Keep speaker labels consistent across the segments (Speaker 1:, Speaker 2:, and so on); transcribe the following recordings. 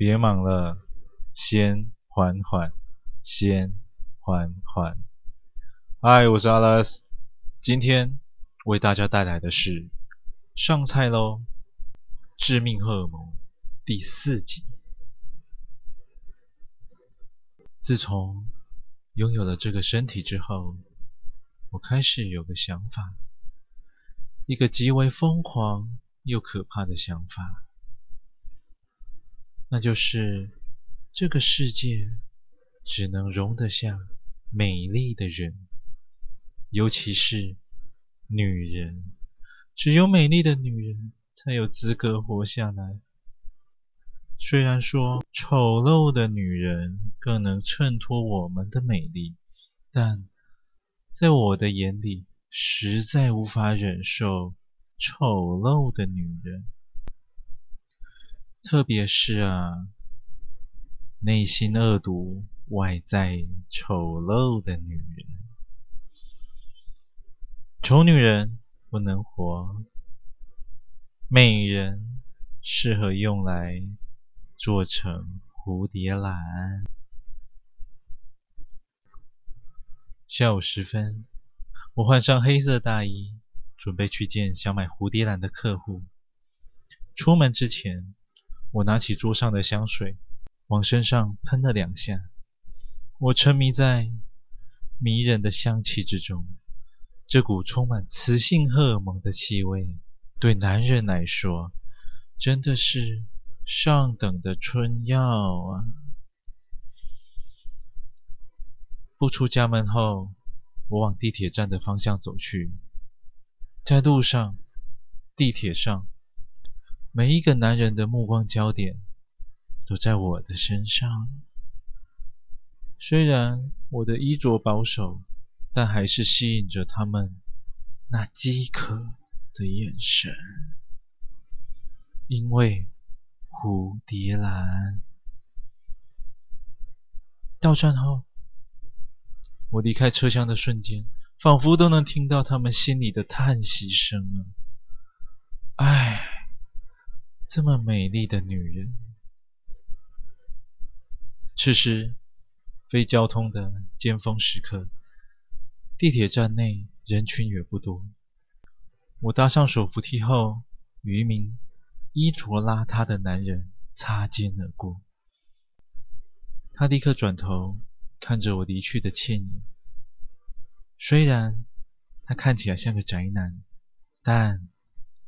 Speaker 1: 別忙了，先緩緩，先緩緩。嗨，我是阿拉斯，今天為大家帶來的是《上菜囉》致命荷爾蒙第四集。自從擁有了這個身體之後，我開始有個想法，一個極為瘋狂又可怕的想法。那就是這個世界只能容得下美麗的人，尤其是女人。只有美麗的女人才有資格活下來。雖然說醜陋的女人更能襯托我們的美麗，但在我的眼裡，實在無法忍受醜陋的女人。特別是啊，內心惡毒、外在醜陋的女人，醜女人不能活。美人適合用來做成蝴蝶蘭。下午時分，我換上黑色大衣，準備去見想買蝴蝶蘭的客戶。出門之前，我拿起桌上的香水，往身上噴了兩下。我沉迷在迷人的香氣之中，這股充滿雌性荷爾蒙的氣味，對男人來說，真的是上等的春藥啊！步出家門後，我往地鐵站的方向走去。在路上，地鐵上。每一個男人的目光焦點都在我的身上，雖然我的衣着保守，但還是吸引着他們那飢渴的眼神。因為蝴蝶蘭。到站後，我離開車廂的瞬間，仿佛都能聽到他們心裡的嘆息聲了唉。這麼美麗的女人。此時非交通的尖峰時刻，地鐵站內人群也不多。我搭上手扶梯後，與一名衣着邋遢的男人擦肩而過。他立刻轉頭看着我離去的倩影。雖然他看起來像個宅男，但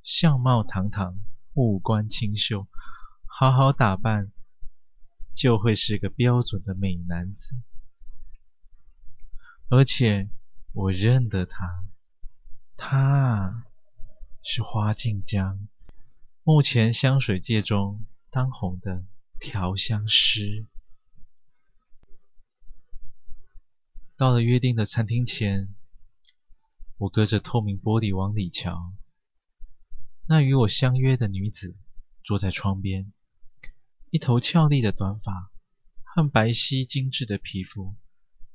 Speaker 1: 相貌堂堂。五官清秀，好好打扮就會是個標準的美男子。而且我認得他，他是花靖江，目前香水界中當紅的調香師。到了約定的餐廳前，我隔着透明玻璃往裡瞧。那與我相約的女子坐在窗邊，一頭俏麗的短髮和白皙精緻的皮膚，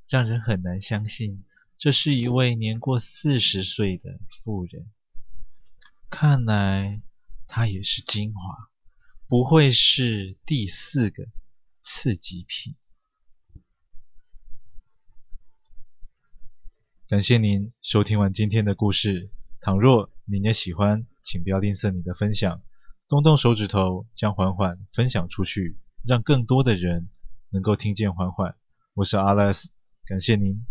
Speaker 1: 讓人很難相信這是一位年過四十歲的婦人。看來，她也是精華，不會是第四個次級品。感謝您收聽完今天的故事，倘若您也喜歡。請不要吝嗇你的分享，動動手指頭，將緩緩分享出去，讓更多的人能夠聽見緩緩。我是 Alex，感謝您。